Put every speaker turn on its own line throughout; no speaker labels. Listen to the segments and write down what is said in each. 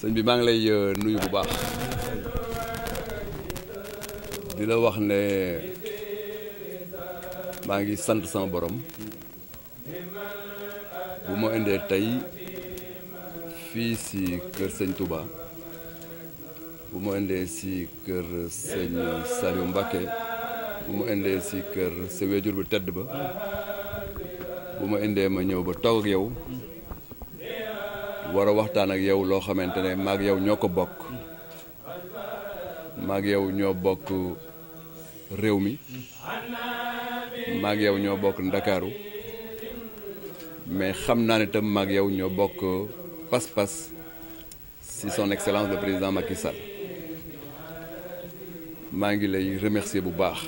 sëñ bi maa ngi lay euh, nuyu bu baax di la wax ne maa ngi sant sama borom bu ma indee tey fii si kër sëñ Touba bu ma indee si kër sëñ Saliou Mbacké bu ma indee si kër sa wéjur bu tedd ba bu ma indee ma ñëw ba toog ak yow. war waxtaan ak yow loo xamante ne maag yow ñoo ko bokk maag yow ñoo bokk réew mi maag yow ñoo bokk ndakaaru mais xam naa ni tam maag yow ñoo bokk pas-pas si son excellence le président Macky Sall maa ngi lay remercier bu baax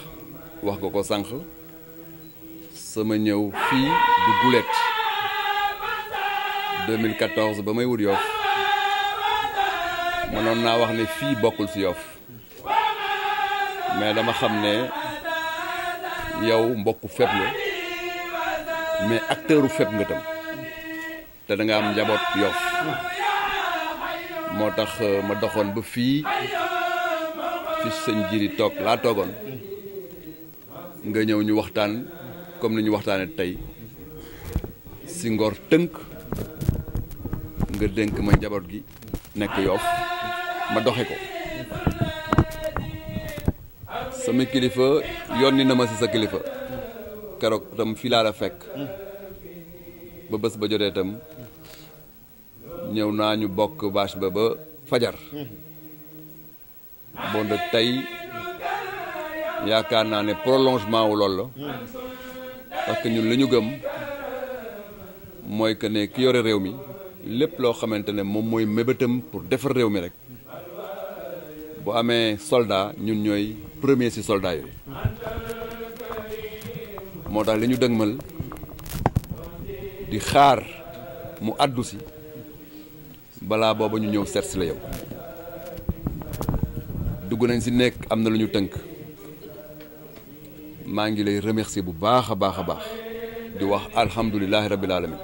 wax ko ko sànq sama ñëw fii du gulet 2014 ba may wut Yoff mënoon naa wax ne fii bokkul ci yoof mais dama xam ne yow mbokku fépp la mais acteur u fépp nga tam te da nga am njaboot Yoff moo tax euh, ma doxoon ba fii fi sëñ jiri toog laa toogoon nga ñëw ñu waxtaan comme ni ñu waxtaanee tey si ngor tënk ngir dénk ma njaboot gi nekk yoof ma doxe ko sama kilifa yónni na ma si sa kilifa keroog tam fii laa fekk ba bés ba jotee tam ñëw naa ñu bokk baas ba ba fajar bon de tey yaakaar naa ne prolongement wu loolu la parce que ñun li ñu gëm mooy que ne ki yore réew mi lépp loo xamante ne moom mooy mébétam pour defar réew mi rek bu amee soldat ñun ñooy premier ci soldaa yi moo tax li ñu dëgmal di xaar mu àddu si balaa booba ñu ñëw seet si la yow dugg nañ si nekk am na lu ñu tënk maa ngi lay remercier bu baax a baax a baax di wax alhamdulilahi rabbil alamin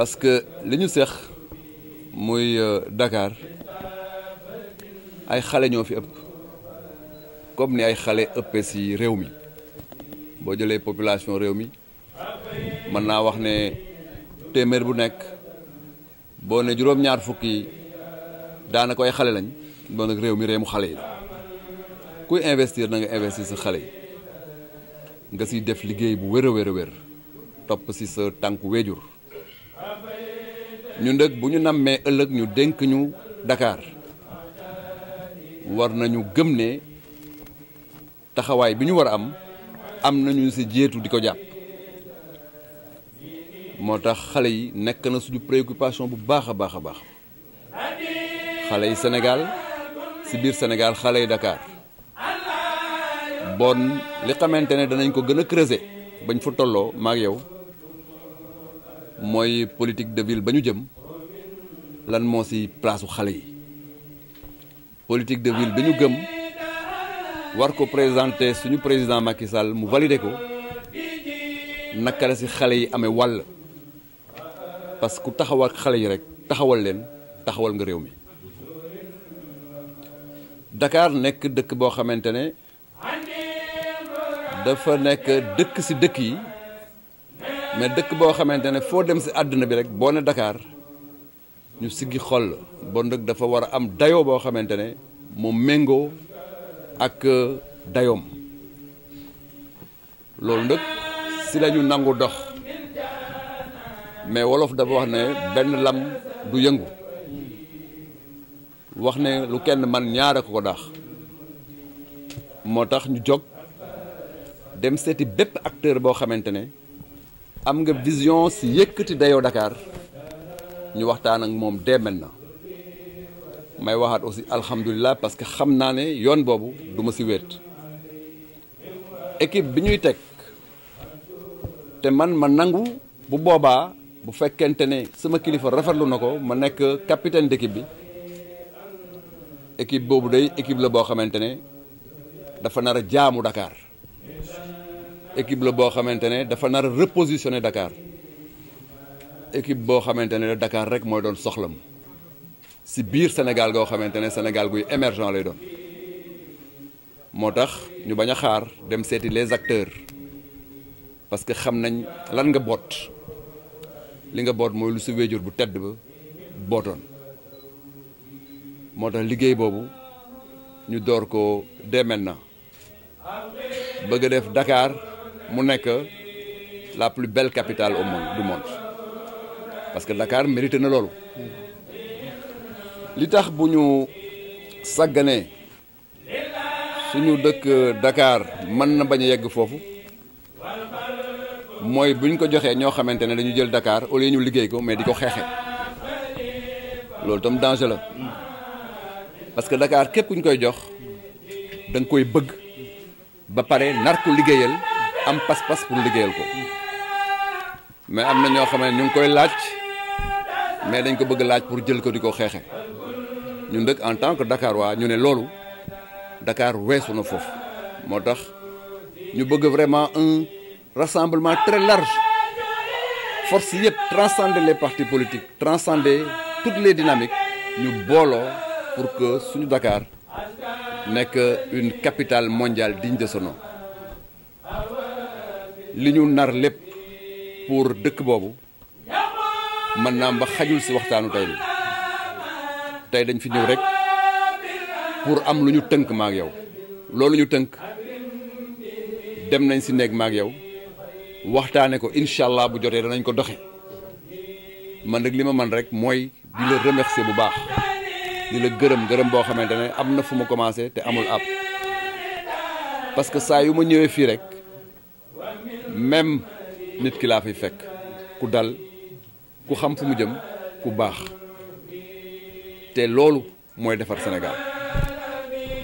parce que li ñu seex muy euh, dakaar ay xale ñoo fi ëpp comme ni ay xale ëppe si réew mi boo jëlee population réew mi mën naa wax ne téeméer bu nekk boo ne juróom-ñaar fukk yi xale lañ doon nag réew mi réew mu xale yi kuy investir na investir si xale yi nga ciy def liggéey bu wér a wér a wér topp si sa tànku wéjur ñu nag bu ñu nammee ëllëg ñu dénk ñu Dakar war nañu gëm ne taxawaay bi ñu war a am am nañu si jiitu di ko jàpp moo tax xale yi nekk na suñu préoccupation bu baax a baax a baax xale yi Sénégal si biir Sénégal xale yi Dakar bon li xamante ne danañ ko gën a creuser bañ fa tolloo maag yow mooy politique de ville ba ñu jëm lan moo ci place xale yi politique de ville bi gëm war ko présenter suñu président Macky Sall mu valider ko naka la ci xale yi amee wàll parce que ku xale yi rek taxawal leen taxawal nga réew mi dakaar nekk dëkk boo xamante ne dafa nekk dëkk ci dëkk yi mais dëkk boo xamante ne foo dem si àdduna bi rek boo ne dakaar ñu siggi xol bon nag dafa war a am dayoo boo xamante ne moom méngoo ak euh, dayoom loolu nag si lañu nangu dox mais wolof dafa wax ne benn lam du yëngu wax ne lu kenn man ñaare ko ko daax moo tax ñu jóg dem seeti bépp acteur boo xamante ne am nga vision si yëkkati dayoo dakaar ñu waxtaan ak moom dès maintenant may waxaat aussi alhamdulilah parce que xam naa ne yoon boobu du ma si wéet équipe bi ñuy teg te man ma nangu bu boobaa bu fekkente ne sama kilifa rafetlu na ko ma nekk capitaine d'équipe bi équipe boobu day équipe la boo xamante ne dafa nar a jaamu dakaar équipe la boo xamante ne dafa nar a repositionner dakaar équipe boo xamante ne Dakar rek mooy doon soxlam si biir Sénégal goo xamante ne Sénégal guy émergent lay doon moo tax ñu bañ a xaar dem seeti les acteurs parce que xam nañ lan nga boot li nga boot mooy lu si wéjur bu tedd ba bootoon moo tax liggéey boobu ñu door ko dès maintenant bëgg a def Dakar mu nekk la plus belle capitale au monde du monde parce que Dakar mérite na loolu li tax bu ñu sàgganee suñu dëkk dakaar mën na bañ yegg foofu mooy buñ ko joxee ñoo xamante ne dañu jël dakaar au lieu ñu liggéey ko mais di ko xeexee loolu tam danger la parce que Dakar képp ku ñu koy jox da koy bëgg ba pare nar ko liggéeyal. am pas-pas pour liggéeyal ko mais am na ñoo xam ne ñu ngi koy laaj mais dañ ko bëgg laaj pour jël ko di ko xeexe ñun nag en tant que Dakar waa ñu ne loolu Dakar weesu na foofu moo tax ñu bëgg vraiment un rassemblement très large force yëpp transcender les partis politiques transcender toutes les dynamiques ñu booloo pour que suñu Dakar nekk une capitale mondiale digne de son li ñu nar lépp pour dëkk boobu mën naa ba xajul ci waxtaanu tey bi tey dañ fi ñëw rek pour am lu ñu tënk maag yow loolu ñu tënk dem nañ ci néeg maak yow waxtaane ko incha allah bu jotee danañ ko doxe man nag li ma man rek mooy di la remercier bu baax di la gërëm gërëm boo xamante ne am na fu ma commencé te amul ab parce que saa yu ma ñëwee fii rek même nit ki laa fay fekk ku dal ku xam fu mu jëm ku baax te loolu mooy defar senegal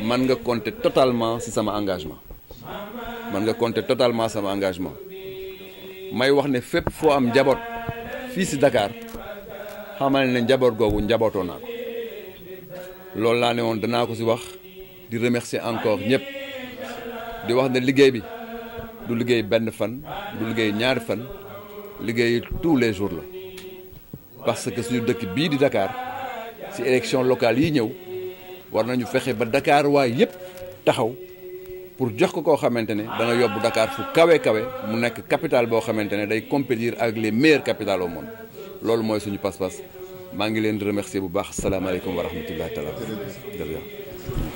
man nga compter totalement ci sama engagement man nga compter totalement sama engagement may wax ne fépp foo am njaboot fii ci Dakar xamal ne njaboot googu njabootoo naa ko loolu laa ne woon danaa ko ci wax di remercier encore ñépp di wax ne liggéey bi du liggéey benn fan du liggéey ñaari fan liggéey tous les jours la parce que suñu dëkk bii di Dakar ci élection locale yi ñëw war nañu fexe ba Dakar waay yépp taxaw pour jox ko koo xamante ne dana yóbbu Dakar fu kawe kawe mu nekk capitale boo xamante ne day compétir avec les meilleures capitales au loolu mooy suñu pas-pas maa ngi leen di remercier bu baax salaamaaleykum wa rahmatullahi taala jërëjëf